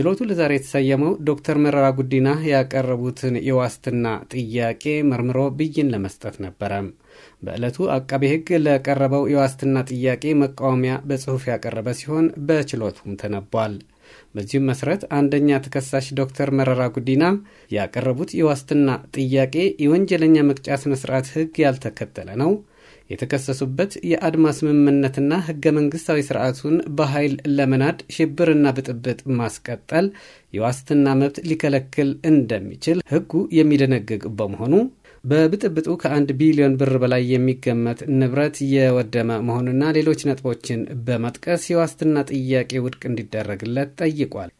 ችሎቱ ለዛሬ የተሰየመው ዶክተር መረራ ጉዲና ያቀረቡትን የዋስትና ጥያቄ መርምሮ ብይን ለመስጠት ነበረ። በዕለቱ አቃቤ ሕግ ለቀረበው የዋስትና ጥያቄ መቃወሚያ በጽሑፍ ያቀረበ ሲሆን በችሎቱም ተነቧል። በዚሁም መሰረት አንደኛ ተከሳሽ ዶክተር መረራ ጉዲና ያቀረቡት የዋስትና ጥያቄ የወንጀለኛ መቅጫ ስነ ስርዓት ህግ ያልተከተለ ነው፣ የተከሰሱበት የአድማ ስምምነትና ህገ መንግስታዊ ስርዓቱን በኃይል ለመናድ ሽብርና ብጥብጥ ማስቀጠል የዋስትና መብት ሊከለክል እንደሚችል ህጉ የሚደነግግ በመሆኑ በብጥብጡ ከአንድ ቢሊዮን ብር በላይ የሚገመት ንብረት የወደመ መሆኑና ሌሎች ነጥቦችን በመጥቀስ የዋስትና ጥያቄ ውድቅ እንዲደረግለት ጠይቋል።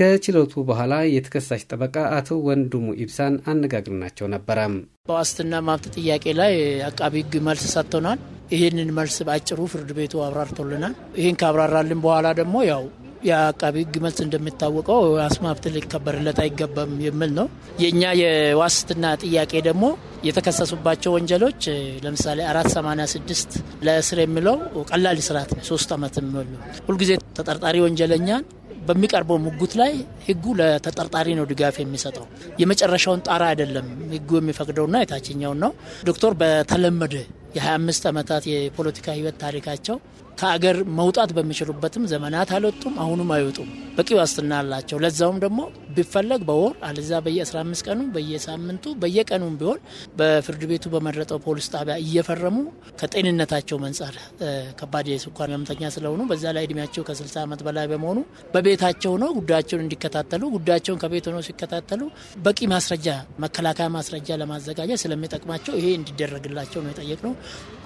ከችሎቱ በኋላ የተከሳሽ ጠበቃ አቶ ወንድሙ ኢብሳን አነጋግርናቸው ነበረም። በዋስትና መብት ጥያቄ ላይ አቃቢ ሕግ መልስ ሰጥቶናል። ይህንን መልስ በአጭሩ ፍርድ ቤቱ አብራርቶልናል። ይህን ካብራራልን በኋላ ደግሞ ያው የአቃቢ ህግ መልስ እንደሚታወቀው የዋስ መብት ሊከበርለት አይገባም የሚል ነው። የእኛ የዋስትና ጥያቄ ደግሞ የተከሰሱባቸው ወንጀሎች ለምሳሌ አራት ሰማንያ ስድስት ለእስር የሚለው ቀላል ስርዓት ነው። ሶስት ዓመት የሚሉ ሁልጊዜ ተጠርጣሪ ወንጀለኛን በሚቀርበው ሙግት ላይ ህጉ ለተጠርጣሪ ነው ድጋፍ የሚሰጠው። የመጨረሻውን ጣራ አይደለም ህጉ የሚፈቅደውና የታችኛውን ነው። ዶክተር በተለመደ የ25 ዓመታት የፖለቲካ ህይወት ታሪካቸው ከአገር መውጣት በሚችሉበትም ዘመናት አልወጡም፣ አሁኑም አይወጡም። በቂ ዋስትና አላቸው። ለዛውም ደግሞ ቢፈለግ በወር አለዛ በየ15 ቀኑ በየሳምንቱ በየቀኑም ቢሆን በፍርድ ቤቱ በመረጠው ፖሊስ ጣቢያ እየፈረሙ ከጤንነታቸው መንጻር ከባድ የስኳር ህመምተኛ ስለሆኑ በዛ ላይ እድሜያቸው ከ60 ዓመት በላይ በመሆኑ በቤታቸው ነው ጉዳያቸውን እንዲከታተሉ ጉዳያቸውን ከቤት ሆነው ሲከታተሉ በቂ ማስረጃ መከላከያ ማስረጃ ለማዘጋጀት ስለሚጠቅማቸው ይሄ እንዲደረግላቸው ነው የጠየቅነው።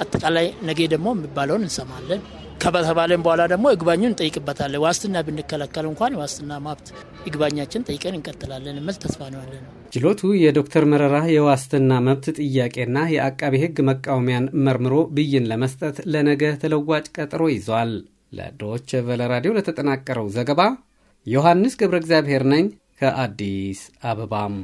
አጠቃላይ ነገ ደግሞ የሚባለውን እንሰማለን። ከተባለን በኋላ ደግሞ ይግባኙን እንጠይቅበታለን። ዋስትና ብንከለከል እንኳን የዋስትና መብት ይግባኛችን ጠይቀን እንቀጥላለን የሚል ተስፋ ነው ያለን። ችሎቱ የዶክተር መረራ የዋስትና መብት ጥያቄና የአቃቤ ሕግ መቃወሚያን መርምሮ ብይን ለመስጠት ለነገ ተለዋጭ ቀጠሮ ይዟል። ለዶች ቨለ ራዲዮ ለተጠናቀረው ዘገባ ዮሐንስ ገብረ እግዚአብሔር ነኝ ከአዲስ አበባም